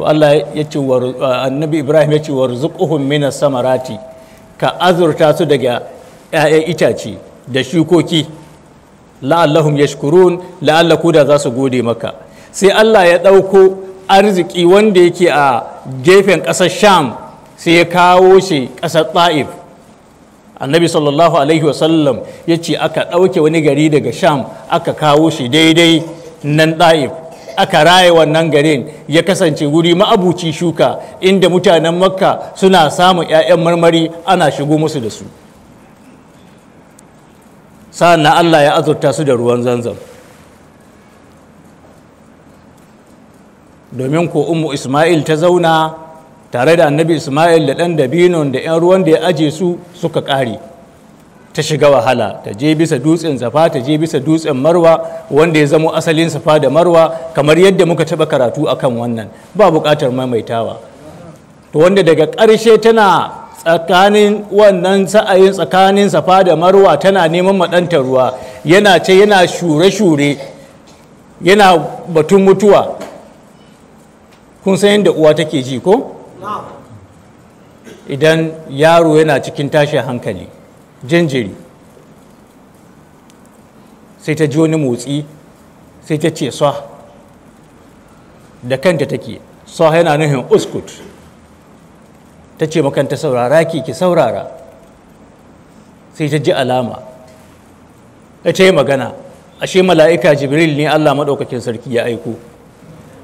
to Allah ya ce annabi Ibrahim ya ce ruzuquhum minas samarati ka azurta su daga 'ya'yan itace da shukoki la'allahum yashkurun la'alla ku da za su gode maka sai Allah ya ɗauko arziki wanda yake a gefen ƙasar sham sai ya kawo shi ƙasar ta'if annabi sallallahu alaihi wasallam ya ce aka ɗauke wani gari daga sham aka kawo shi daidai nan ta'if aka raye wannan garin ya kasance wuri ma'abuci shuka inda mutanen makka suna samun 'ya'yan marmari ana shigo musu da su sa'an allah ya azurta su da ruwan zanzam domin ko ummu ismail ta zauna tare da annabi ismail da ɗan dabinon da 'yan ruwan da ya aje su suka ƙare ta shiga wahala ta je bisa dutsen zafa ta je bisa dutsen marwa wanda ya zamo asalin safa da marwa kamar yadda muka taɓa karatu akan wannan ba buƙatar maimaitawa to wanda daga ƙarshe tana tsakanin wannan sa'ayin tsakanin safa da marwa tana neman maɗantar ruwa yana ce yana shure-shure yana batun mutuwa kun san yadda uwa take ji ko idan yaro yana cikin tashin hankali janjiri sai ta ji wani motsi sai ta ce sa da kanta take sa yana nuhin uskut ta ce makanta saurara ki ki saurara sai ta ji alama ta ce magana ashe mala'ika jibril ne allah maɗaukakin sarki ya aiko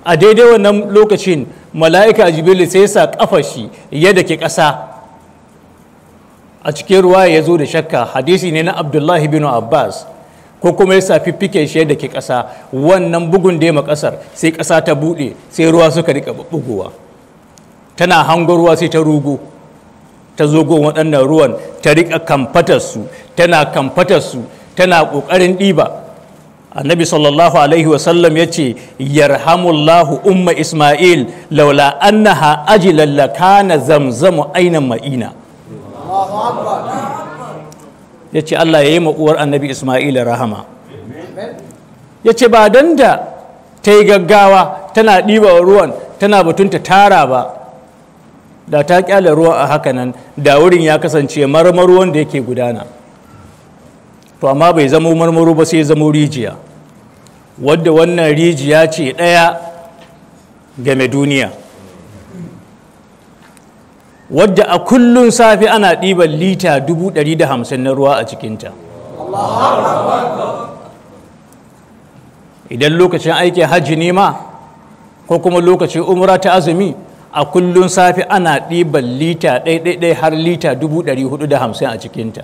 a daidai wannan lokacin mala'ika jibril sai sa ƙafashi yadda ke ƙasa a cikin ruwa ya zo da shakka hadisi ne na abdullahi bin abbas ko kuma ya safi fike shi da ke ƙasa wannan bugun da ya ƙasar sai ƙasa ta buɗe sai ruwa suka rika bugowa tana hango ruwa sai ta rugo ta zogo waɗannan ruwan ta rika kamfatarsu tana kamfatar su, tana ƙoƙarin ɗiba annabi sallallahu alaihi wasallam ya ce yarhamullahu umma isma'il laula annaha ajilalla kana zamzamu ainan ma'ina ya ce Allah ya yi uwar annabi isma'il rahama ya ce ba don da ta yi gaggawa tana ɗiba ruwan tana batun ta tara ba da ta kyala ruwa a hakanan da wurin ya kasance marmaruwan da yake gudana to amma bai zamo marmaru ba sai zamo rijiya wadda wannan rijiya ce ɗaya game duniya wadda a kullun safe ana ɗiban lita 150 na ruwa a cikinta idan lokacin aikin hajji ne ma ko kuma lokacin umra ta azumi a kullun safe ana ɗiban lita ɗaiɗaiɗai har lita 450 a cikinta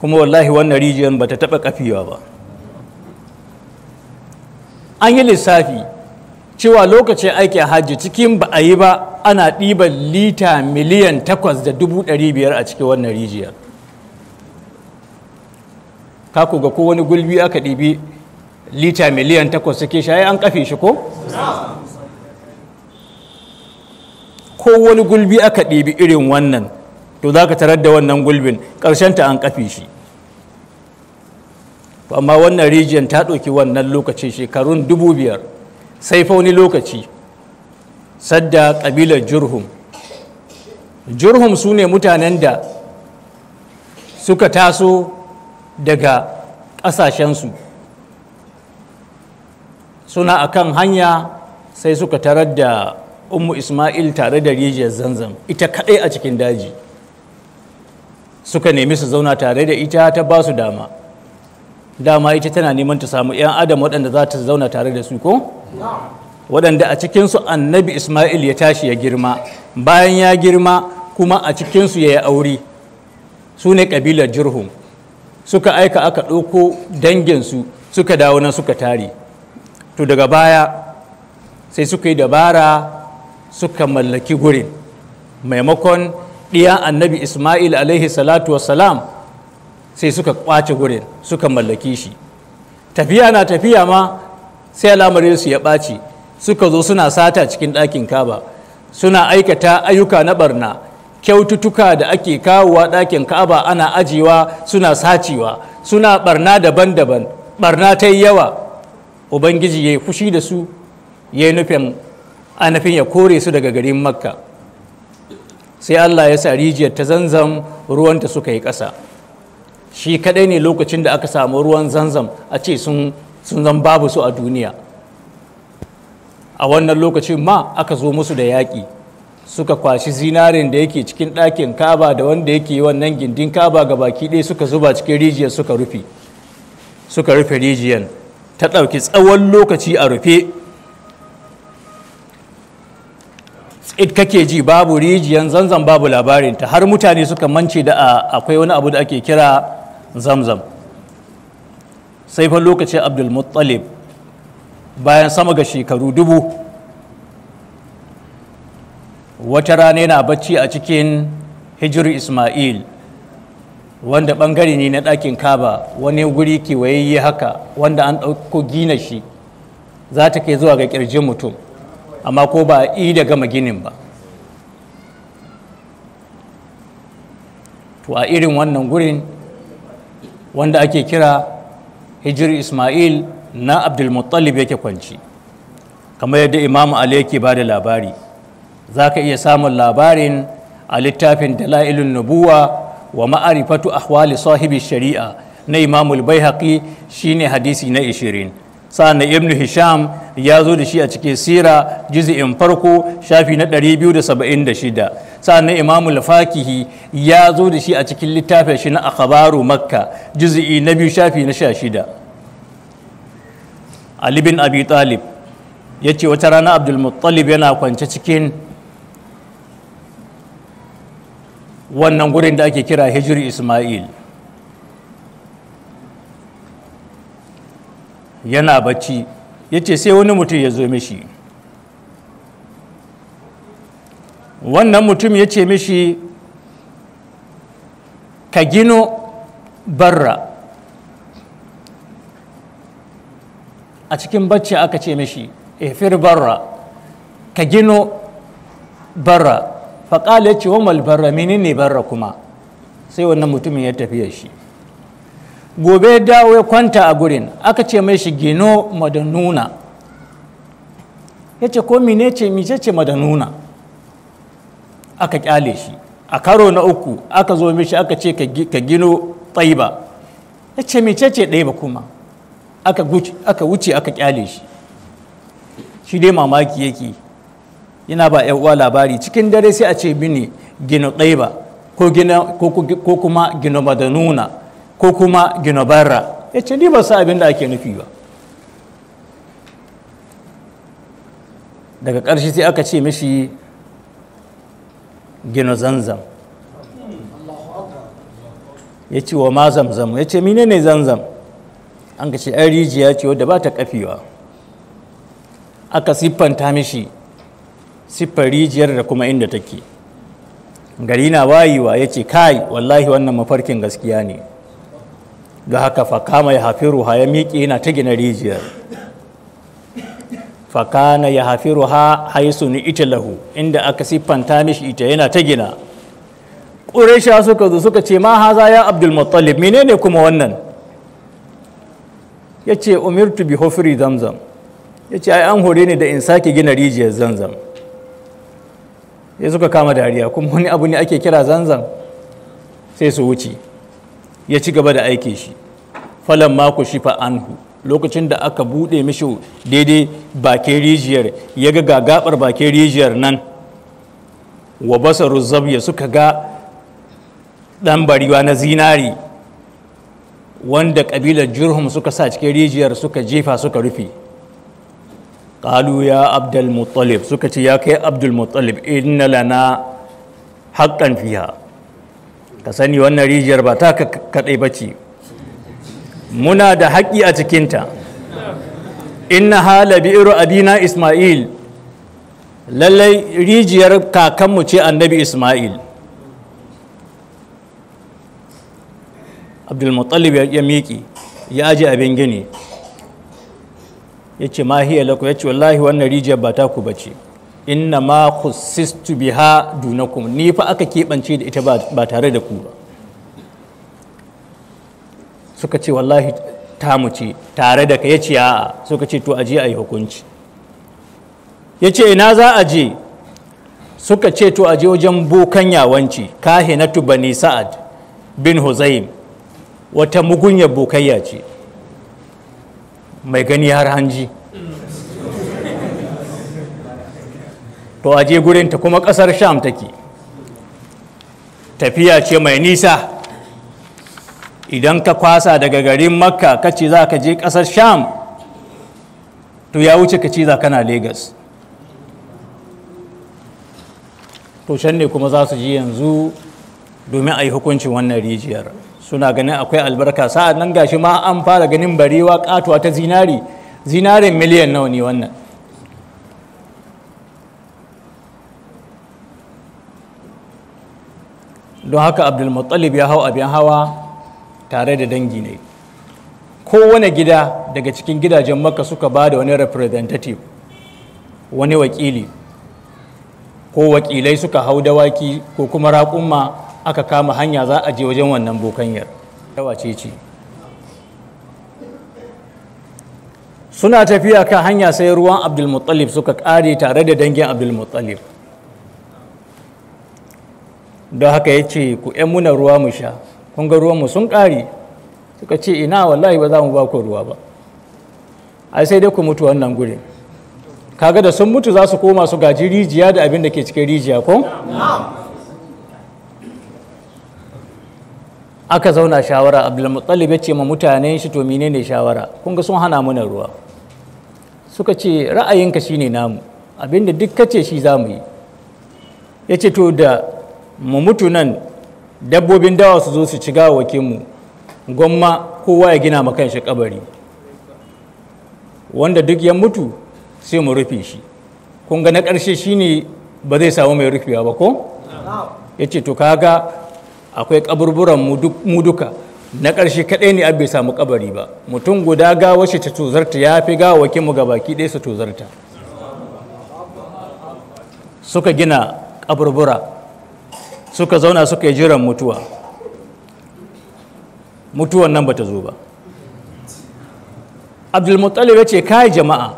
kuma wallahi wannan rijiyar ba ta taɓa ƙafiwa ba an yi lissafi cewa lokacin aikin hajji cikin ba a yi ba ana ɗiban lita miliyan takwas da dubu ɗari biyar a cikin wannan rijiyar ka ku ga wani gulbi aka ɗibi lita miliyan takwas suke shaye an kafe shi ko? ko wani gulbi aka ɗibi irin wannan to za ka tarar da wannan gulbin ta an kafe shi amma wannan rijiyar ta ɗauki wannan lokacin shekarun dubu biyar sai fa wani lokaci sadda ƙabilar jurhum jurhum su ne mutanen da suka taso daga ƙasashensu suna a kan hanya sai suka tarar da ummu ismail tare da rijiyar zanzam ita kaɗai a cikin daji suka nemi su zauna tare da ita ta ba su dama dama ita tana neman ta samu 'yan adam waɗanda za ta zauna tare da su ko? waɗanda a cikinsu annabi ismail ya tashi ya girma bayan ya girma kuma a cikinsu ya yi aure su ne ƙabilar jirhum suka aika aka ɗauko danginsu suka dawo nan suka tare to daga baya sai suka yi dabara suka mallaki gurin maimakon ɗiya annabi ismail alaihi salatu wassalam sai suka ƙwace gurin suka mallaki shi tafiya na tafiya ma sai su ya ɓaci suka zo suna sata cikin ɗakin kaba suna aikata ayyuka na barna kyaututtuka da ake kawowa ɗakin kaba ana ajiwa suna sacewa suna barna daban-daban barna ta yi yawa ubangiji ya yi fushi da su ya yi nufin anafin ya kore su daga garin makka sai allah ya sa rijiyar ta zanzam ruwanta suka yi ƙasa shi kaɗai ne lokacin da aka samu ruwan zanzam a ce sun sun zan babu su a duniya a wannan lokacin ma aka zo musu da yaƙi suka kwashi zinarin da yake cikin ɗakin kaba da wanda yake wannan gindin kaba ga baki ɗaya suka zuba cikin rijiyar suka rufe suka rufe rijiyar ta ɗauki tsawon lokaci a rufe it kake ji babu rijiyan zanzan babu labarinta har mutane suka mance da akwai wani abu da ake kira zamzam sai fa lokacin abdulmuttalib bayan sama ga shekaru dubu wata rana yana bacci a cikin hijiru ismail wanda bangare ne na ɗakin kaba wani guri kewayayye haka wanda an ɗauko gina shi za ta kai zuwa ga ƙirjin mutum amma ko ba i da gama ginin ba to a irin wannan gurin wanda ake kira hijiri ismail na abdulmuttalib yake kwanci kamar yadda imamu ali yake ba da labari za ka iya samun labarin a littafin dala'ilun nubuwa wa ma'arifatu ahwali sahibi shari'a na imamul bai shine hadisi na ishirin sa'an ibnu hisham ya zo da shi a cikin sira jizi'in farko shafi na 276 sa'an imamu lafakihi ya zo da shi a cikin littafin shi na akhbaru makka jizi'i na biyu shafi na 16 ali bin abi talib ya ce wata rana abdulmuttalib yana kwance cikin wannan gurin da ake kira hijri ismail yana bacci ya ce sai wani mutum ya zo mishi wannan mutum ya ce mishi ka gino barra a cikin bacci aka ce mishi efir barra ka gino barra faƙala ya ce wa malbarra menene barra kuma sai wannan mutumin ya tafiya shi gobe ya dawo ya kwanta a gurin aka ce mai shi gino madanuna ya ce ko mine ce mice ce madanuna aka kyale shi a karo na uku aka zo mishi aka ce ka gino tsaiba ya ce mice ce ɗaiba kuma aka wuce aka kyale shi shi dai mamaki yake yana ba uwa labari cikin dare sai a ce mini gino ɗaiba ko kuma gino madanuna ko kuma ginobarra ya ce ni ba sa abin da ake nufi ba daga ƙarshe sai aka ce mishi gino zanzam ya ce wa ma zamzam ya ce mine ne zanzam an ka ce an rijiya ce wadda ba ta kafewa aka siffanta mishi siffar rijiyar da kuma inda take gari na wayewa ya ce kai wallahi wannan mafarkin gaskiya ne ga haka fakama ya hafi ruha ya miƙe yana ta gina rijiyar fakana ya hafi ruha haisu ni ita lahu inda aka siffanta mishi ita yana ta gina ƙuresha suka zo suka ce ma haza ya abdulmuttalib menene kuma wannan ya ce umirtu bi hofiri zamzam ya ce ai an hore ne da in sake gina rijiyar zanzam ya suka kama dariya kuma wani abu ne ake kira zanzam sai su wuce ya ci gaba da aiki shi falon mako shi fa anhu lokacin da aka buɗe mishi daidai bakin rijiyar ya ga gagabar bakin rijiyar nan wa basaru zabya suka ga ɗan bariwa na zinari wanda ƙabilar jurhum suka sa cikin rijiyar suka jefa suka rufe ƙalu ya abdul muttalib suka ce ya kai abdul muttalib inna lana haƙƙan fiha ka sani wannan rijiyar ba ta kaɗai ba ce muna da haƙƙi a cikinta inna hala bi'iru abina isma'il lallai rijiyar kakanmu ce annabi isma'il abdulmuttalib ya miƙi ya aji abin gini ya ce ma ya ce wallahi wannan rijiyar ba ta ku ba ce inna ma khussistu biha dunakum ni fa aka keɓance da ita ba tare da ku ba suka ce wallahi mu ce tare da ka ya ce a'a suka ce to aje a yi hukunci ya ce ina za a je suka ce to aje wajen bokan yawanci kahinatu bani sa'ad bin huzaim wata mugunya bokayya ce mai gani har hanji to a je gurinta kuma ƙasar sham take tafiya ce mai nisa idan ka kwasa daga garin makka ka ce za ka je ƙasar sham to ya wuce ka ce za kana Legas. to can ne kuma za su ji yanzu domin a yi hukuncin wannan rijiyar suna ganin akwai albarka sa'ad nan gashi ma an fara ganin barewa katuwa ta zinari zinarin miliyan nawa ne wannan don haka abdulmuttalib ya hau abin hawa tare da dangi ne kowane gida daga cikin gidajen maka suka ba da wani representative wani wakili ko wakilai suka hau dawaki ko kuma raƙumma aka kama hanya za a je wajen wannan bokanyar dawace suna tafiya kan hanya sai ruwan abdulmuttalib suka ƙare tare da dangin abdulmuttalib don haka ya ce ku ‘yan muna ruwa mu sha kun ga ruwanmu sun ƙari suka ce ina wallahi ba za mu ba ku ruwa ba ai sai dai ku mutu wannan gurin kaga da sun mutu za su koma su gaji rijiya da abin da ke cikin rijiya ko aka zauna shawara abdulmuttalib ya ce ma mutanen shi to menene shawara kun ga sun hana muna ruwa suka ce ra'ayinka shine namu abinda duk kace shi za mu yi ya ce to da mu mutu nan dabbobin dawa su zo su ci gawakin mu gwamma kowa ya gina ma shi kabari wanda duk ya mutu sai mu rufe shi kun ga na ƙarshe shine ba zai samu mai rufewa ba ko ya ce to kaga akwai kaburburan mu duka na ƙarshe kaɗai ne bai samu kabari ba mutum guda gawa shi ta tozarta ya fi gawakin mu ga baki ɗaya su tozarta suka gina kaburbura suka zauna suka yi jiran mutuwa mutuwan nan bata zo ba abdulmuttalib ya ce kai jama'a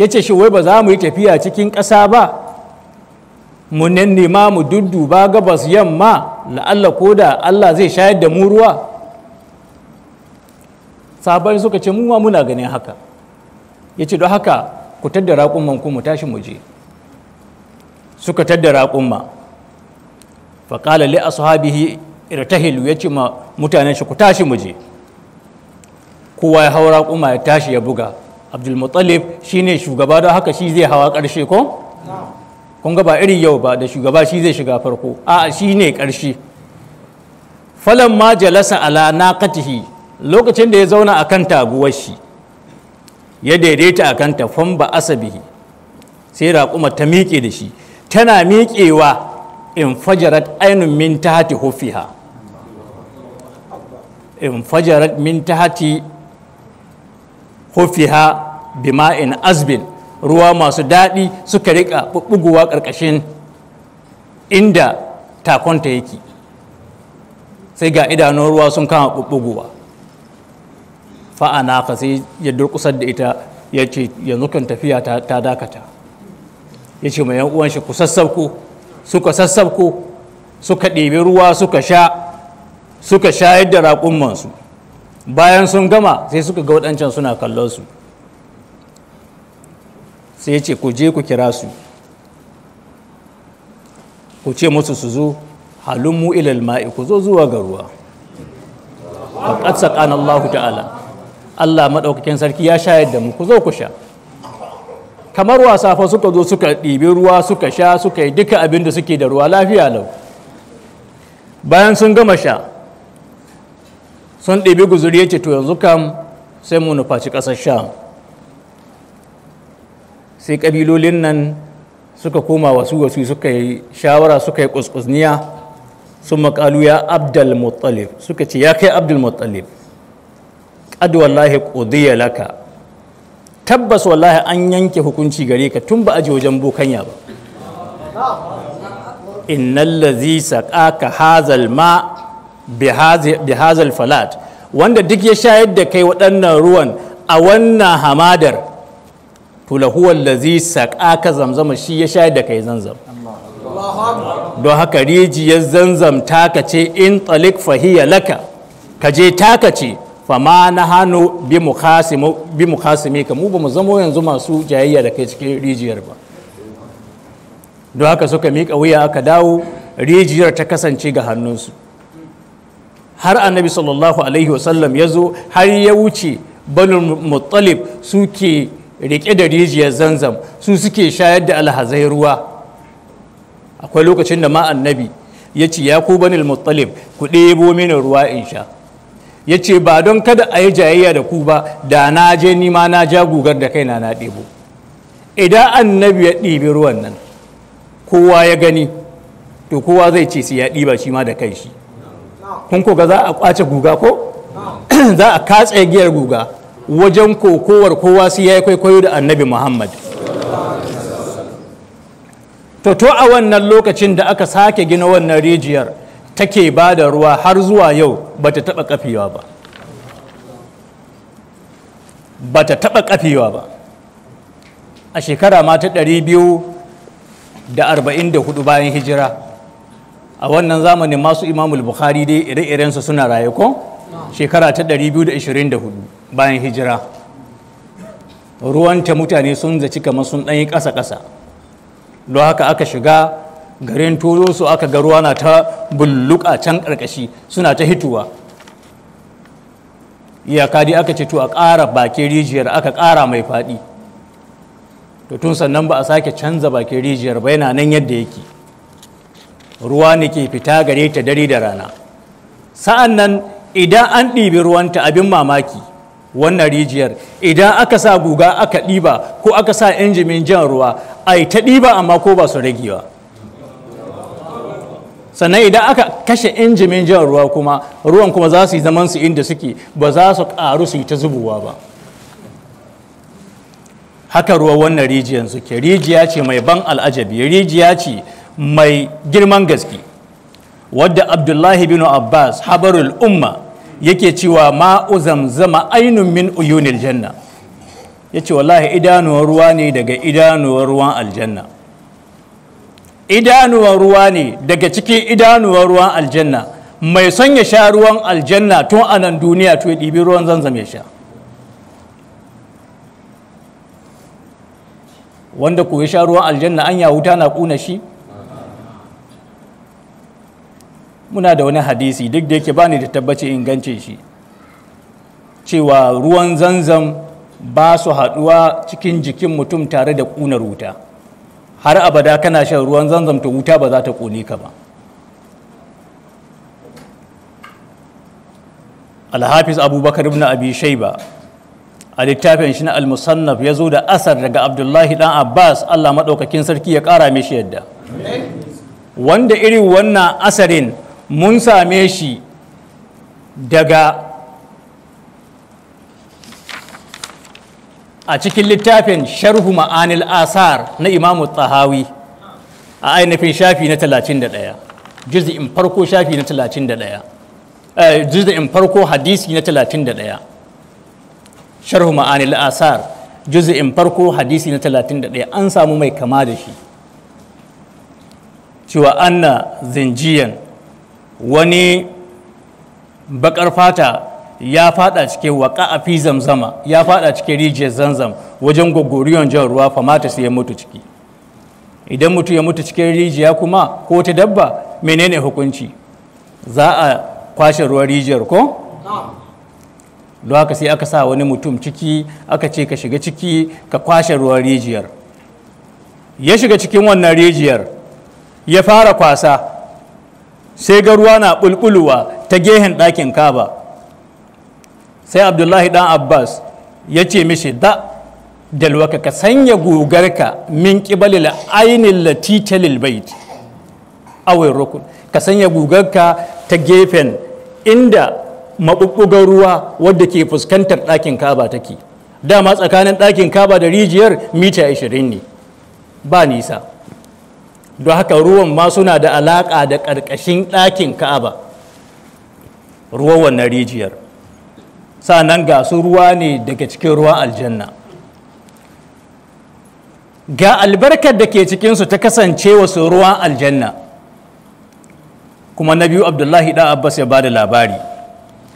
ya ce shi wai ba za mu yi tafiya cikin ƙasa ba mu nema mu dudduba gabas yamma la'alla ko da allah zai shayar da mu ruwa sahabai suka ce mu ma muna ganin haka ya ce don haka ku tattara raƙumman mu tashi mu je suka tattara raƙumma faƙala li ashabihi irtahilu ya ce ma mutanen shi ku tashi mu je kowa ya haura kuma ya tashi ya buga abdulmuttalib shi ne shugaba don haka shi zai hawa ƙarshe ko kun ga ba irin yau ba da shugaba shi zai shiga farko a shi ne ƙarshe falon ma jalasa ala naqatihi lokacin da ya zauna a kan taguwar shi ya daidaita a kanta famba asabihi sai raƙuma ta miƙe da shi tana miƙewa in fajarat ainun min tahati hufiha in fajarat min tahati bima bima'in azbin ruwa masu daɗi suka rika ɓuɓɓuguwa ƙarƙashin inda takonta yake sai ga idanun ruwa sun kama fa'a fa'ana ka sai ya durƙusar da ita ya ce yanzu kan tafiya ta dakata ya ce mai uwan shi ku sassauko suka sassabko suka ɗebi ruwa suka sha suka shayar da raƙummansu bayan sun gama sai suka ga waɗancan suna kallon su sai ce ku je ku kira su ku ce musu su zo mu ilal ma'i ku zo zuwa ga ruwa a ƙasa Allah ta'ala Allah maɗaukakin sarki ya shayar da mu ku zo ku sha kamar wasa fa suka zo suka ɗibi ruwa suka sha suka yi duka abin da suke da ruwa lafiya lau bayan sun gama sha sun ɗibi guzuri ya ce to yanzu kam sai mu nufaci ƙasar sha sai ƙabilolin nan suka koma wasu wasu suka yi shawara suka yi ƙusƙusniya sun maƙalu ya abdul muttalib suka ce ya kai abdul muttalib ƙudiyalaka wallahi ƙudiyya laka tabbas wallahi an yanke hukunci gare ka tun ba a je wajen bokanya ba innal ladhi saqaka hazal ma bi hazal falat wanda duk ya shayar da kai waɗannan ruwan a wannan hamadar to lahuwal ladhi saqaka zamzama shi ya shayar da kai zanzam don haka rijiyar zanzam taka ce in talik fahiya laka ka je taka ce fama na hannu bi mu kasime ka mu ba mu zamo yanzu masu jayayya da kai cikin rijiyar ba don haka suka miƙa wuya aka dawo rijiyar ta kasance ga hannunsu har annabi sallallahu alaihi wasallam ya zo har ya wuce banul muttalib suke rike da rijiyar zanzam su suke shayar da alhazai ruwa akwai lokacin da ma annabi ya ce ya ku banin muttalib ku ɗebo mini ruwa in sha ya ce ba don kada a yi jayayya da ku ba da na je nima na ja gugar da kaina na ɗebo idan annabi ya ɗibi ruwan nan kowa ya gani to kowa zai ce su ya ɗiba shi ma da kai shi kun ko za a kwace guga ko za a katse giyar guga wajen kokowar kowa su ya yi kwaikwayo da annabi muhammad to to a wannan lokacin da aka sake gina wannan rijiyar take ba da ruwa har zuwa yau ba ta taɓa ƙafewa ba ba ta taɓa ƙafewa ba a shekara ma ta 244 bayan hijira a wannan zamanin masu imamul bukhari dai ire-irensu suna raye ko shekara ta 224 bayan hijira ruwanta mutane sun zaci kamar sun ɗanyi ƙasa-ƙasa don haka aka shiga garin turo su aka ga ruwa na ta bulluka can karkashi suna ta hituwa iyaka dai aka ce to a ƙara bakin rijiyar aka ƙara mai faɗi to tun sannan ba a sake canza bakin rijiyar ba yana nan yadda yake ruwa ne ke fita gare ta dare da rana sa'an nan idan an ɗibi ta abin mamaki wannan rijiyar idan aka sa guga aka ɗiba ko aka sa injimin jan ruwa ai ta ɗiba amma ko ba su ragewa sannan idan aka kashe injimin jan ruwa kuma ruwan kuma za su yi zaman su inda suke ba za su ƙaru su yi ta zubowa ba haka ruwa wannan rijiyar suke rijiya ce mai ban al'ajabi rijiya ce mai girman gaske wadda abdullahi bin abbas habarul umma yake cewa ma'uzamzama zamzama ainun min uyunil janna ya ce wallahi idanuwar ruwa ne daga idanuwar ruwan aljanna idanuwan ruwa ne daga cikin idanuwan ruwan aljanna mai son ya sha ruwan aljanna tun a nan duniya to ya ɗibi ruwan zanzam ya sha wanda ku ya sha ruwan aljanna an wuta na ƙuna shi muna da wani hadisi duk da yake bani da tabbaci ingancin shi cewa ruwan zanzam ba su haɗuwa cikin jikin mutum tare da ƙunar wuta har abada kana shan ruwan zanzam ta wuta ba za ta kone ka ba alhafiz abubakar ibn abi shaiba a littafin shi na almusannaf ya zo da asar daga abdullahi dan abbas allah maɗaukakin sarki ya ƙara mishi yadda wanda irin wannan asarin mun same shi daga a cikin littafin sharhu ma'anil asar na imamu tsahawi a ainihin shafi na 31 juz'in farko shafi na 31 eh, juz'in farko hadisi na 31 sharhu ma'anil asar juz'in farko hadisi na 31 an samu mai kama da shi cewa anna zinjiyan wani bakar fata ya fada cikin waka a fi zamzama ya fada cikin rijiyar zanzam wajen gogoriyon jan ruwa famata sai ya mutu ciki idan mutu ya mutu cikin rijiya kuma ko ta dabba menene hukunci za a kwashe ruwan rijiyar ko don sai aka sa wani mutum ciki aka ce ka shiga ciki ka kwashe ruwan rijiyar ya shiga cikin wannan rijiyar ya fara kwasa sai ga ruwa na bulbulwa ta gehen ɗakin kaba sai abdullahi dan abbas ya ce mishi da dalwaka ka sanya gugarka min kibalil ainin latitalil bait awai rukun ka sanya gugarka ta gefen inda maɓuɓɓugar ruwa wadda ke fuskantar ɗakin kaba take dama tsakanin ɗakin kaba da rijiyar mita 20 ne ba nisa don haka ruwan ma suna da alaƙa da ƙarƙashin ɗakin kaba ruwan wannan rijiyar Sa nan ga su ruwa ne daga cikin ruwan aljanna ga albarkar da ke cikinsu ta kasance wasu ruwan aljanna kuma na biyu abdullahi da abbas ya ba da labari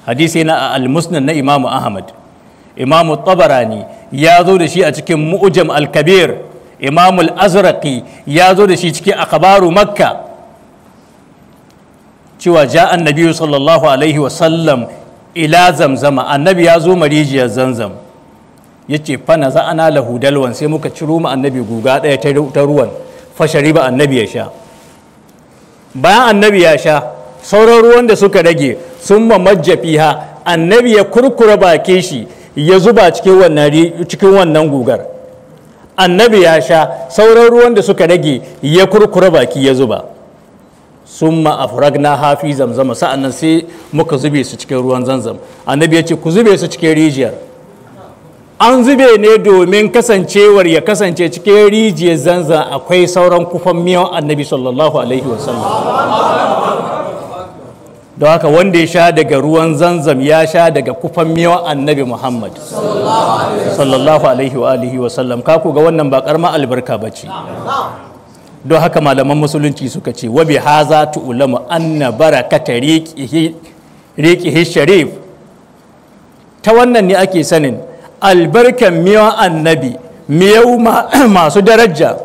hadisi na a almusnan na imamu ahmad imamu tabarani ya zo da shi a cikin mu'ujam al-kabir imamu al-azraqi ya zo da shi cikin akabaru makka cewa ja annabiyu sallallahu alaihi wasallam ila zamzama annabi ya zo marijiyar zanzam ya ce fana za ana lahu dalwan sai muka ciro mu annabi guga ɗaya ta ruwan fashari ba annabi ya sha bayan annabi ya sha sauran ruwan da suka rage sun mamajja ha annabi ya kurkura bakin shi ya zuba cikin wannan gugar annabi ya sha sauran ruwan da suka rage ya kurkura baki ya zuba summa na hafi zamzama sa'annan sai muka zube su cikin ruwan zanzam annabi ya ce ku zube su cikin rijiyar an zube ne domin kasancewar ya kasance cikin rijiyar zanzan akwai sauran kufan miyan annabi sallallahu alaihi wasallam da haka wanda ya sha daga ruwan zanzam ya sha daga kufan miyan annabi muhammad sallallahu alaihi wasallam ka ku ga wannan ba karma albarka ba ce don haka malaman musulunci suka ce wa bi haza tu tu'lamu anna barakata riqihi sharif ta wannan ne ake sanin albarkan miyan annabi miyau masu daraja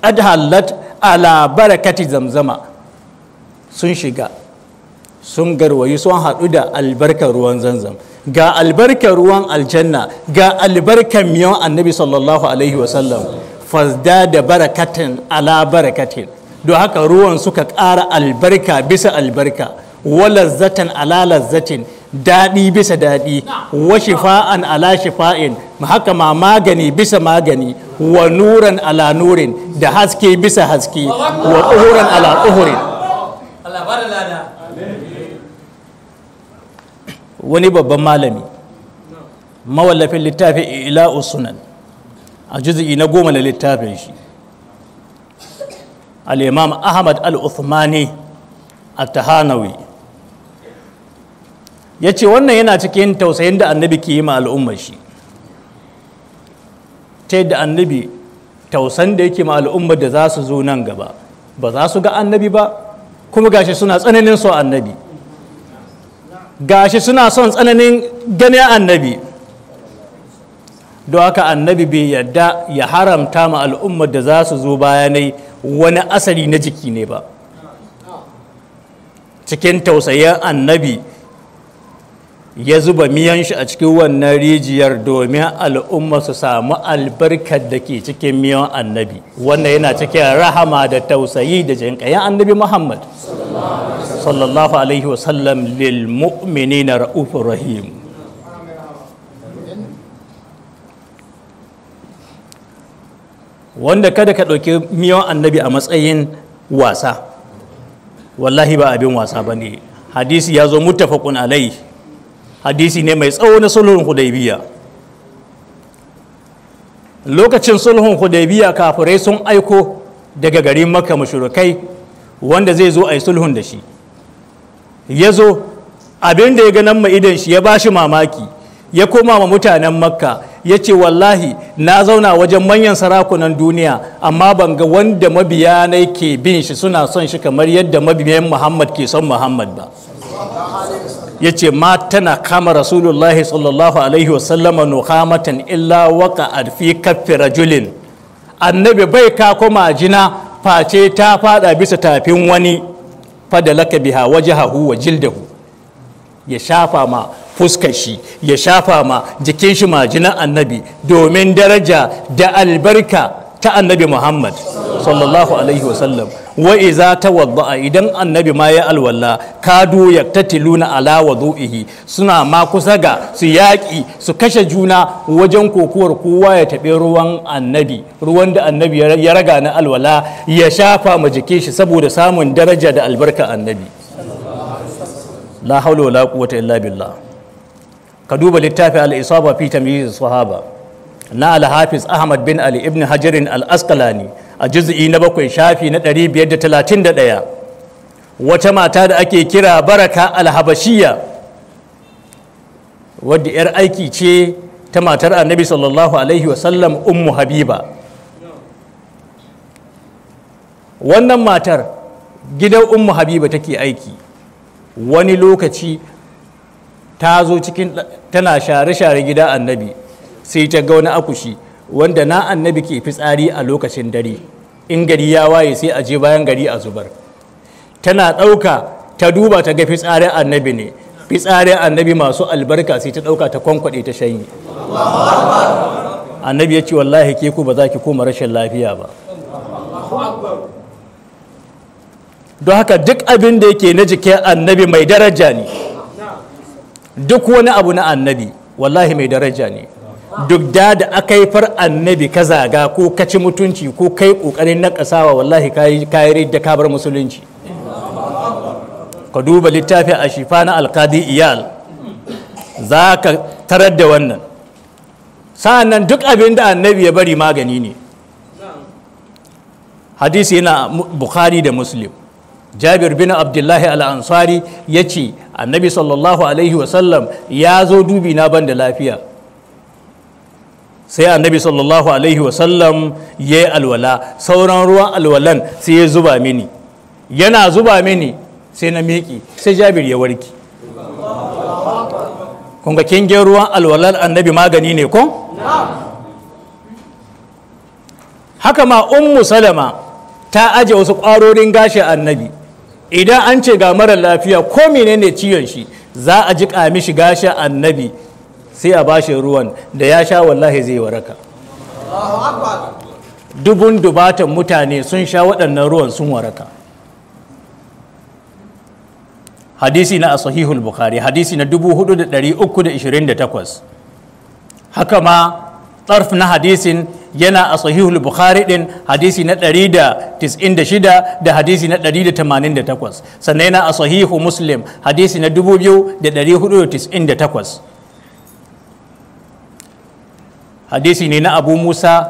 qad halat ala barakati zamzama sun shiga sun garwayi sun haɗu da albarkar ruwan zanzam ga albarkar ruwan aljanna ga albarkar miyan annabi sallallahu alaihi wasallam fasda da barakatin ala barakatin don haka ruwan suka ƙara albarka bisa albarka walazzatan ala lazzatin daɗi bisa daɗi wa shifa'an ala shifa'in haka ma magani bisa magani wa nuran ala nurin da haske bisa haske wa tsohuran ala tsohurin wani babban malami mawallafin littafi ila usunan a juzi'i na goma na littafin shi al'imam ahmad al-uthmani a tahanawi ya ce wannan yana cikin tausayin da annabi ke yi ma al'ummar shi ta yadda annabi tausan da yake ma al'ummar da za su zo nan gaba ba za su ga annabi ba kuma gashi suna tsananin so annabi gashi suna son tsananin ganin annabi don haka annabi bai yarda ya haramta ma al'ummar da za su zo bayanai wani asali na jiki ne ba cikin tausayin annabi ya zuba miyan shi a cikin wannan rijiyar domin al'umma su samu albarkar da ke cikin miyan annabi wannan yana cikin rahama da tausayi da jinkayen annabi muhammad sallallahu alaihi wasallam lil mu'minina ra'ufur rahim wanda kada ka ɗauki miyan annabi a matsayin wasa wallahi ba abin wasa ba ne hadisi ya zo muttafaqun alai hadisi ne mai tsawo na sulhun hudaybiya lokacin sulhun hudaybiya kafirai sun aiko daga garin makka mashrukai wanda zai zo a yi sulhun da shi ya zo abin da ya ga nan idan shi ya ba shi mamaki ya koma ma mutanen makka ya ce wallahi na zauna wajen manyan sarakunan duniya amma ban ga wanda mabiya na ke bin shi suna son shi kamar yadda mabiyan muhammad ke son muhammad ba ya ce ma tana kama rasulullahi sallallahu alaihi wasallama nuhamatan illa waka arfi kafin rajulin annabi bai ka kuma jina face ta fada bisa tafin wani fadalaka biha wajahahu wa jildahu ya shafa ma fuskar shi ya shafa ma jikin shi majinan annabi domin daraja da albarka ta annabi muhammad sallallahu alaihi wasallam wa iza tawadda'a idan annabi ma ya alwala kadu na ala wudu'ihi suna ma kusa ga su yaƙi su kashe juna wajen kokuwar kowa ya tabi ruwan annabi ruwan da annabi ya raga na alwala ya shafa ma jikin shi saboda samun daraja da albarka annabi la haula wala quwwata illa billah ka duba littafi al-isaba fi tamyiz sahaba na al-hafiz ahmad bin ali ibn hajar al-asqalani a juz'i na bakwai shafi na 531 wata mata da ake kira baraka al habashiya wadda yar aiki ce ta matar annabi sallallahu alaihi wasallam ummu habiba wannan matar gidan ummu habiba take aiki wani lokaci ta zo cikin tana share-share gida annabi sai ta ga wani akushi wanda na annabi ke fitsari a lokacin dare in gari ya waye sai a je bayan gari a zubar tana ɗauka ta duba ta ga fitsarin annabi ne fitsarin annabi masu albarka sai ta ɗauka ta kwankwaɗe ta shanye annabi ya ce wallahi ke ku ba za ki koma rashin lafiya ba don haka duk abin da yake na jikin annabi mai daraja ne duk wani abu na annabi wallahi mai daraja ne duk da da aka yi far annabi ka zaga ko ka ci mutunci ko kai kokarin na kasawa wallahi ka yi da bar musulunci ka duba littafi a shifa na alkadi iyal za ka tarar da wannan sa'annan duk abin da annabi ya bari magani ne hadisi yana bukhari da muslim jabir bin abdullahi Al-ansari ya ce annabi sallallahu alaihi wasallam ya zo dubi na ban da lafiya sai annabi sallallahu alaihi wasallam ya yi alwala sauran ruwan alwalan sai ya zuba mini yana zuba mini sai na miƙi sai jabir ya warki kunga kingin ruwan alwalan annabi magani ne kun? haka ma ummu salama ta aje wasu ƙwarorin gashi annabi idan an ce ga mara lafiya ko menene ciyon shi za a ji shi gashi annabi sai a bashi ruwan da ya sha wallahi zai waraka dubun dubatan mutane sun sha waɗannan ruwan sun waraka hadisi na asahihul bukhari hadisi na 4328 haka ma tsarf na hadisin yana a sahihul bukhari din hadisi na 196 da hadisi na 188 sannan yana a sahihu muslim hadisi na 2498 hadisi ne na abu musa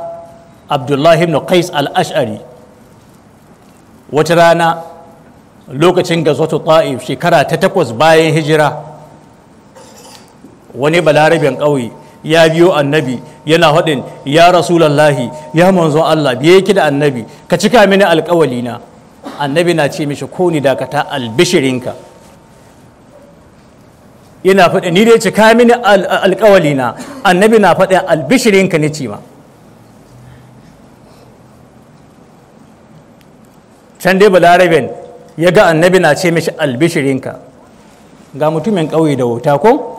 abdullahi ibn qais al-ash'ari wata rana lokacin gazwatu ta'if shekara ta takwas bayan hijira wani balarabin ƙauye ya biyo annabi yana haɗin ya rasulallahi ya manzo Allah biye ki da annabi ka cika mini alƙawali na annabi na ce mishi ko ni dakata albishirinka yana faɗi ni dai cika mini alƙawali na annabi na faɗi albishirinka ni ce ma can dai balaraben ya ga annabi na ce mishi albishirinka ga mutumin ƙauye da wuta ko?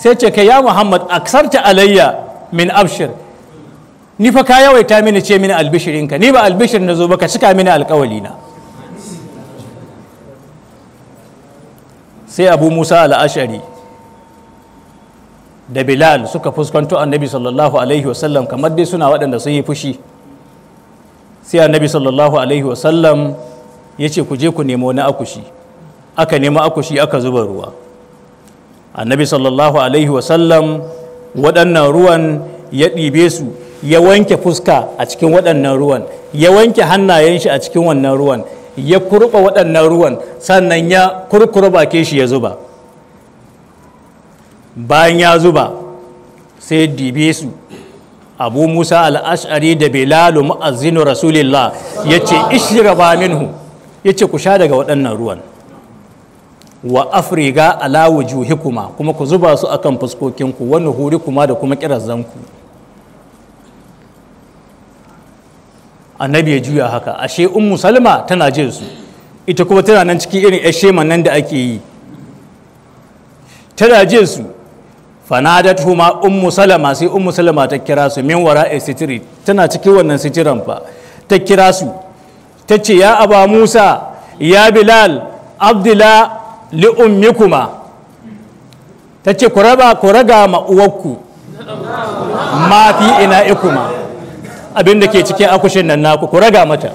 sai ce ka ya muhammad aksarta alayya min abshir ni fa ka yawaita mini ce mini ka ni ba albishir na zo ba ka cika mini alkawali na sai abu musa al'ashari da bilal suka fuskanto annabi sallallahu alaihi wasallam kamar dai suna waɗanda sun yi fushi sai annabi sallallahu alaihi wasallam ya ce ku je ku nemo na akushi aka nemo akushi aka zuba ruwa annabi sallallahu alaihi wasallam waɗannan ruwan ya ɗibe su ya wanke fuska a cikin waɗannan ruwan ya wanke hannayen shi a cikin wannan ruwan ya kurɓa waɗannan ruwan sannan ya kurkura bake shi ya zuba bayan ya zuba sai dibe su abu musa al'ashari da belalu ma'azinu rasulillah ya ce ba minhu ya ce ku sha daga waɗannan ruwan wa afriga ala wujuhikuma kuma ku zuba su akan fuskokinku wa kuma da kuma kirazanku annabi ya juya haka ashe ummu salma tana jin su ita kuma tana nan cikin irin ashe nan da ake yi tana jin su fanadat huma ummu salama sai ummu salama ta kira su min a sitiri tana cikin wannan sitiran fa ta kira su ta ce ya aba musa ya bilal abdullah li'ummikuma ta ce ku raba ku raga ma uwarku ma fi ina ikuma abin ke cikin akushin nan naku ku raga mata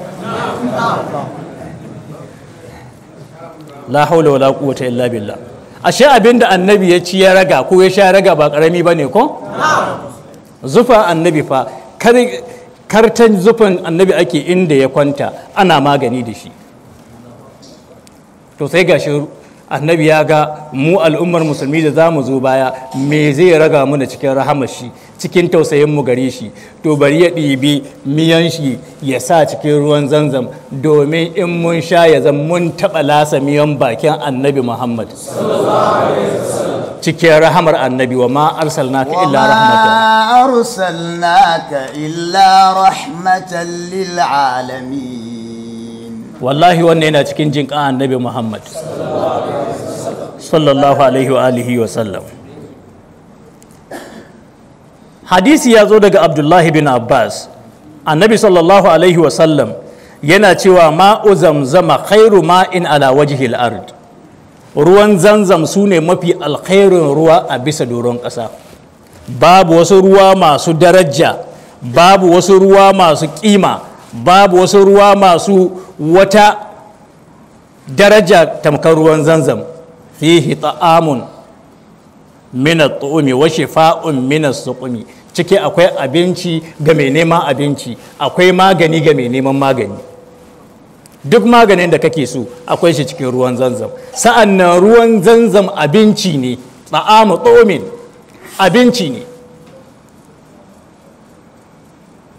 la haula wala quwwata illa billah ashe abin annabi ya ci ya raga ko ya sha raga ba karami bane ko zufa annabi fa kar kartan zufan annabi ake inda ya kwanta ana magani da shi to sai gashi annabi ya ga mu al'ummar musulmi da za mu zo baya me zai raga mu cikin rahamar shi cikin tausayin mu gare shi to bari ya ɗibi miyan shi ya sa cikin ruwan zanzam domin in mun sha ya zan mun taɓa lasa miyan bakin annabi muhammad cikin rahamar annabi wa ma arsalnaka illa rahmatan wa ma illa rahmatan lil alamin wallahi wannan yana cikin jin ƙan annabi muhammad sallallahu alaihi wa alihi wa sallam hadisi ya zo daga abdullahi bin abbas annabi sallallahu alaihi wa sallam yana cewa ma'u zamzama khairu ma'in ala wajhil ard ruwan zanzam sune mafi alkhairin ruwa a bisa doron ƙasa babu wasu ruwa masu daraja babu wasu ruwa masu kima. babu wasu ruwa masu wata daraja tamkar ruwan zanzam fihi ta'amun mina tsumi wa shifa'un mina suƙumi ciki akwai abinci ga mai neman abinci akwai magani ga mai neman magani duk maganin da kake so akwai shi cikin ruwan zanzam sa'an nan ruwan zanzam abinci ne ta'amu tsomin abinci ne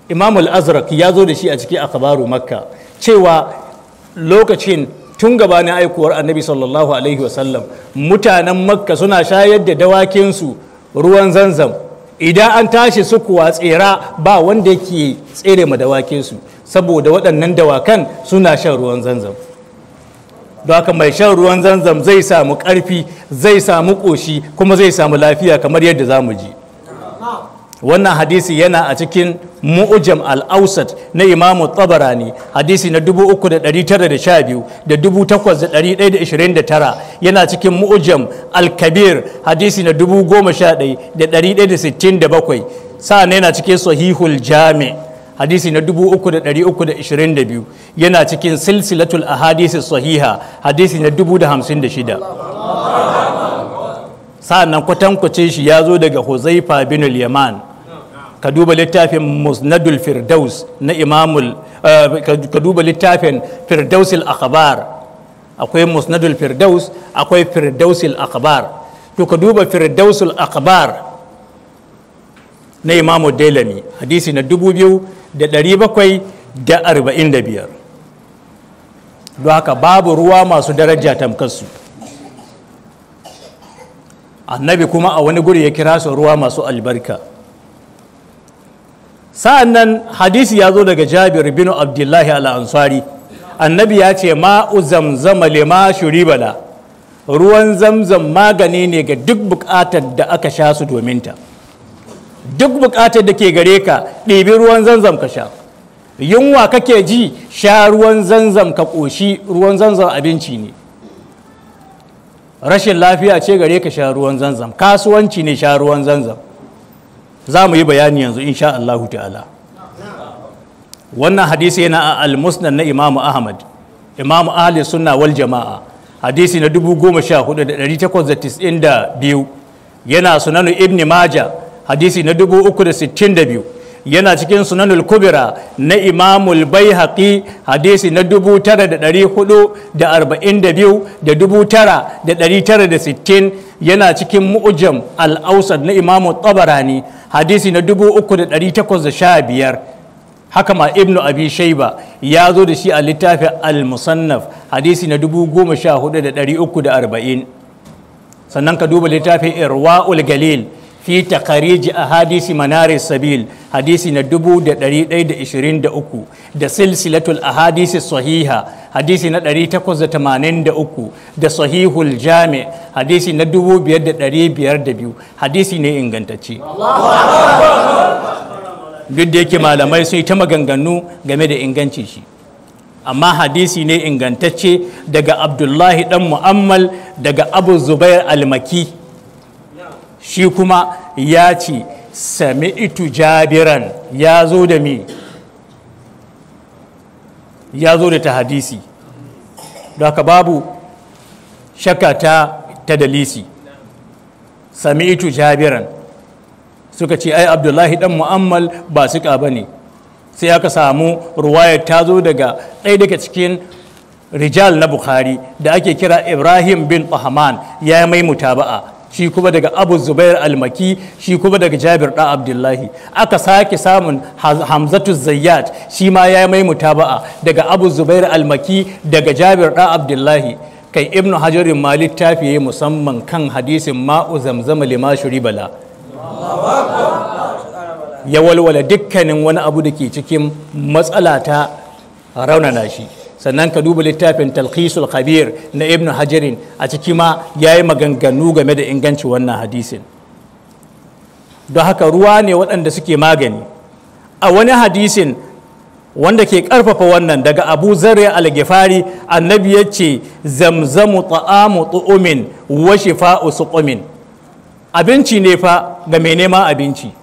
imam al-azraq ya zo da shi a cikin akhbaru makka cewa lokacin tun gabanin aikuwar annabi sallallahu alaihi wasallam mutanen makka suna shayar da dawakinsu ruwan zanzam idan an tashi su kuwa tsira ba wanda ke tsere ma dawakinsu saboda waɗannan dawakan suna shan ruwan zanzam don haka mai shan ruwan zanzam zai samu ƙarfi zai samu ƙoshi kuma zai samu lafiya kamar yadda za mu ji wannan hadisi yana a cikin mu'ujam al-ausat na imamu tabarani hadisi na 3912 da 8129 yana cikin mu'ujam al-kabir hadisi na 1111 da 167 sa'an yana cikin sahihul jami hadisi na 3322 yana cikin silsilatul ahadisi sahiha hadisi na 1056 sa'an nan kwatankwacin shi ya zo daga huzaifa bin yaman ka duba littafin musnadul firdaus na imamul eh, ka duba littafin firdausil akhbar akwai musnadul firdaus akwai firdausil akhbar to ka duba firdausil akhbar na imamu delami hadisi na 2745 don haka babu ruwa masu daraja tamkarsu annabi kuma a wani guri ya kira su ruwa masu albarka sa'an nan hadisi ya zo daga jabir bin abdullahi al'ansari annabi ya ce ma'u zamzama shuri bala ruwan zamzam magani ne ga duk bukatar da aka sha su domin ta. duk bukatar da ke gare ka ɗibi ruwan zamzam ka sha yunwa kake ji sha ruwan zanzam ka ƙoshi ruwan zamzam abinci ne rashin lafiya ce gare ka sha ruwan zanzam kasuwanci ne sha ruwan zanzam za mu yi bayani yanzu insha Allah ta'ala wannan hadisi yana a al-musnad na Imam Ahmad Imam Ahli Sunna wal Jama'a hadisi na 14892 yana sunanu Ibn Majah hadisi na 362 yana cikin Sunanul Kubra na Imam al-Baihaqi hadisi na 9442 da 9960 yana cikin Mu'jam al-Awsat na Imam Tabarani hadisi na dubu uku da da sha biyar haka ma ibnu abi shaiba ya zo da shi a littafin al-musannaf hadisi na dubu goma sha hudu da arba'in sannan ka duba littafin irwa'ul galil fi takariji a hadisi manaris sabil hadisi na 1123 da silsilatul ahadisi sahiha hadisi na takwas da sahihul jami hadisi na biyu hadisi ne ingantacce duk da yake malamai sun yi ta maganganu game da inganci shi amma hadisi ne ingantacce daga abdullahi dan mu'ammal daga abu zubair al-maki shi kuma ya ce sami itu jabiran ya zo da mi ya zo da ta hadisi da babu shakka ta ta dalisi sami itu jabiran suka ce ai abdullahi dan mu'ammal ba suka ba ne sai aka samu ruwayar ta zo daga ɗaya daga cikin rijal na bukhari da ake kira ibrahim bin fahaman ya mai mutaba'a shi kuma daga abu zubair almaki shi kuma daga jabir da abdullahi aka sake samun hamzatu zayyat shi ma ya mai mutaba'a daga abu zubair almaki daga jabir da abdullahi kai ibnu hajarin ma littafi musamman kan hadisin ma'u zamzama lima bala. ya walwala dukkanin wani abu da ke cikin matsala ta raunana shi sannan ka duba littafin talkhisul khabir na ibnu hajarin a ciki ma ya yi maganganu game da inganci wannan hadisin don haka ruwa ne waɗanda suke magani a wani hadisin wanda ke ƙarfafa wannan daga abu zarya al-gifari annabi ya ce zamzamu ta'amu tu'umin wa shifa'u suqumin abinci ne fa ga mai neman abinci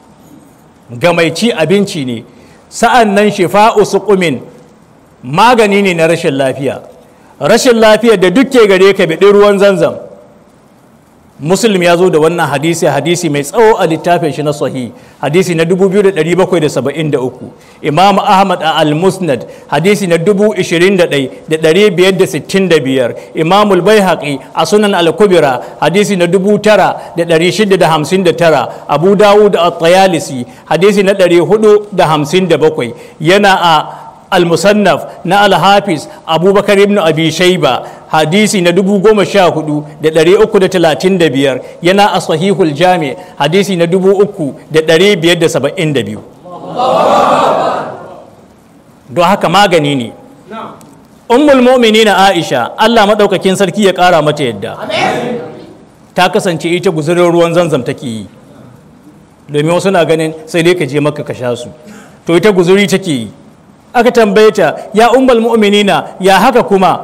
ga mai ci abinci ne sa'an nan shifa'u suqumin magani ne na rashin lafiya rashin lafiya da duk ke gare ka biɗi ruwan zanzam muslim ya zo da wannan hadisi hadisi mai tsawo a littafin shi na sahi hadisi na 2773 imam ahmad a al-musnad hadisi na 21565 imam al-baihaqi a sunan al-kubira hadisi na 9659 abu dawud a tsayalisi hadisi na 457 yana a al-musannaf na al abubakar ibnu abi shaiba hadisi na 14335 yana a sahihul jami hadisi na 3572 don haka magani ne ummul mu'mini na aisha allah maɗaukakin sarki ya ƙara mata yadda ta kasance ita guzurin ruwan zanzam take yi domin wasu na ganin sai dai ka je maka ka sha su to ita guzuri take yi aka tambaye ta ya umbal mu'minina ya haka kuma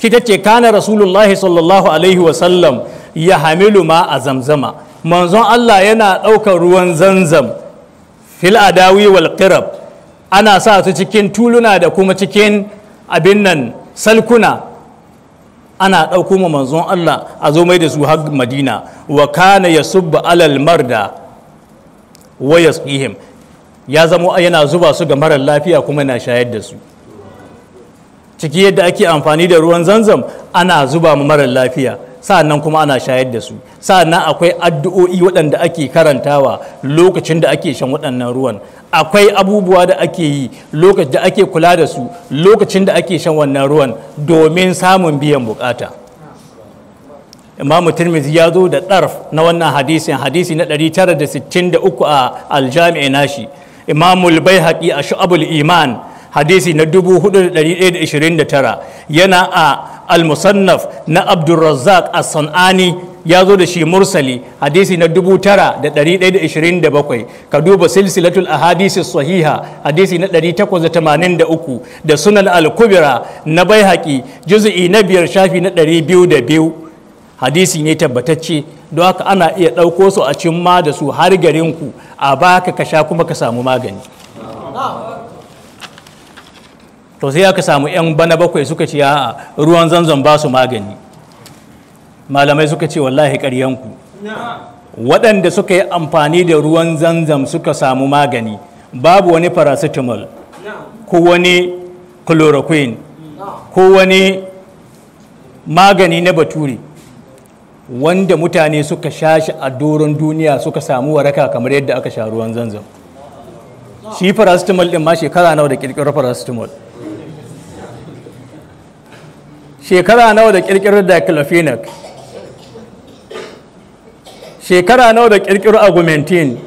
ki tace kana rasulullah sallallahu alaihi wasallam ya hamilu ma a zamzama manzon Allah yana ɗaukar ruwan zanzam fil adawi wal qirab ana sa su cikin tuluna da kuma cikin abin nan salkuna ana ɗauko ma manzon Allah a zo mai da su har madina wa kana yasubba alal marda wa yasqihim ya zamo yana zuba su ga marar lafiya kuma na shayar da su ciki yadda ake amfani da ruwan zanzam ana zuba mu marar lafiya sa'annan kuma ana shayar da su sa'annan akwai addu'o'i waɗanda ake karantawa lokacin da ake shan waɗannan ruwan akwai abubuwa da ake yi lokacin da ake kula da su lokacin da ake shan wannan ruwan domin samun biyan bukata imamu tirmidhi ya zo da ɗarf na wannan hadisin hadisi na 963 a aljami'a nashi imamul haƙi a sha'abul iman hadisi na 4129 yana a al-musannaf na abdulrazzaq a sanani ya zo da shi mursali hadisi na 9127 ka duba silsilatul ahadisi sahiha hadisi na 883 da sunan al-kubira na bai haƙi juzu'i na biyar shafi na 202 hadisi ne tabbatacce don haka ana iya ɗauko su a cimma da su har garin ku a baka ka sha kuma ka samu magani to sai aka samu 'yan bana bakwai suka ce a ruwan zanzan ba su magani malamai suka ce wallahi ƙaryanku waɗanda suka yi amfani da ruwan zanzam suka samu magani babu wani paracetamol ko wani chloroquine ko wani magani na bature wanda mutane suka sha shi a doron duniya suka samu waraka kamar yadda aka sha ruwan zanzam shi farastimol din ma shekara nawa da kirkirar farastimol shekara nawa da kirkirar diclofenac shekara nawa da kirkirar augmentin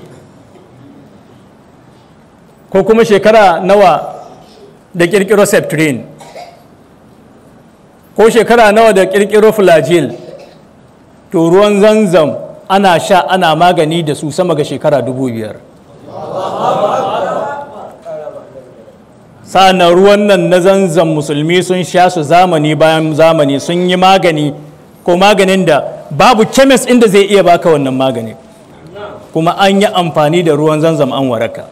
ko kuma shekara nawa da kirkirar septrin ko shekara nawa da kirkirar flagil to ruwan zanzam ana sha ana magani da su sama ga shekara dubu biyar sa'annan ruwan nan na zanzan musulmi sun sha su zamani bayan zamani sun yi magani ko maganin da babu kemis inda zai iya baka wannan magani kuma an yi amfani da ruwan zanzam an waraka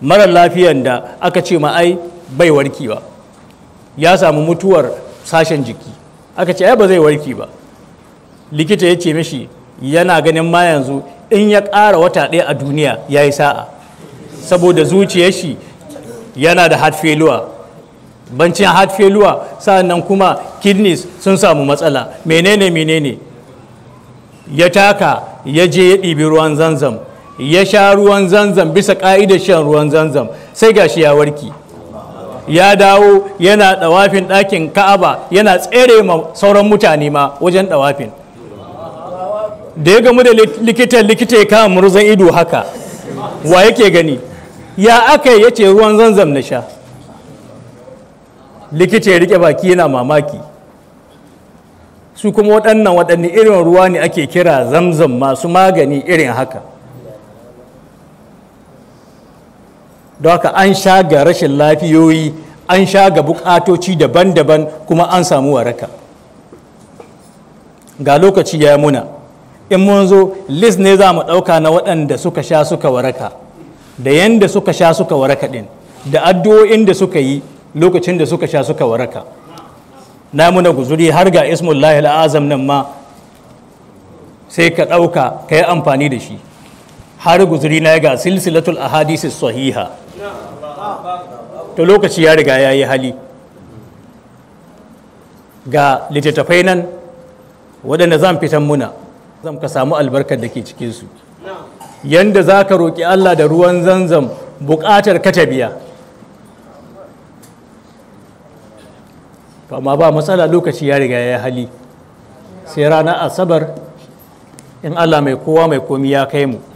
mara lafiyan da aka ce ma'ai bai warkewa ya samu mutuwar sashen jiki aka ce ai ba zai warke ba likita ya ce mashi yana ganin ma yanzu in ya ƙara wata ɗaya a duniya ya yi sa'a saboda zuciyar shi yana da heart failure bancin heart failure nan kuma kidneys sun samu matsala menene menene ya taka ya je ya ɗibi ruwan zanzam ya sha ruwan zanzam bisa ƙa'idar shan ruwan zanzam sai gashi ya warki ya dawo yana ɗawafin ɗakin ka'aba yana tsere ma sauran mutane ma wajen ɗawafin da ya gamu da likitan likita ya kama murzan ido haka wa yake gani ya aka ya ce ruwan zanzam na sha likita ya rike baki yana mamaki su kuma waɗannan waɗanne irin ruwa ne ake kira zamzam masu magani irin haka don haka an sha ga rashin lafiyoyi an sha ga bukatoci daban-daban kuma an samu waraka ga lokaci ya muna in mun zo list ne za mu ɗauka na waɗanda suka sha suka waraka da yanda suka sha suka waraka ɗin da addu'o'in da suka yi lokacin da suka sha suka waraka na muna guzuri har ga ismullahi azam nan ma sai ka ɗauka ka yi amfani da shi har guzuri na ga silsilatul ahadisi sahiha to lokaci ya riga ya yi hali ga littattafai nan waɗanda zan fitan muna zan ka samu albarkar da ke cikinsu yanda za ka roƙi Allah da ruwan zanzam buƙatar ka ta biya amma ba matsala lokaci ya riga ya hali sai ranar asabar in Allah mai kowa mai komi ya kai mu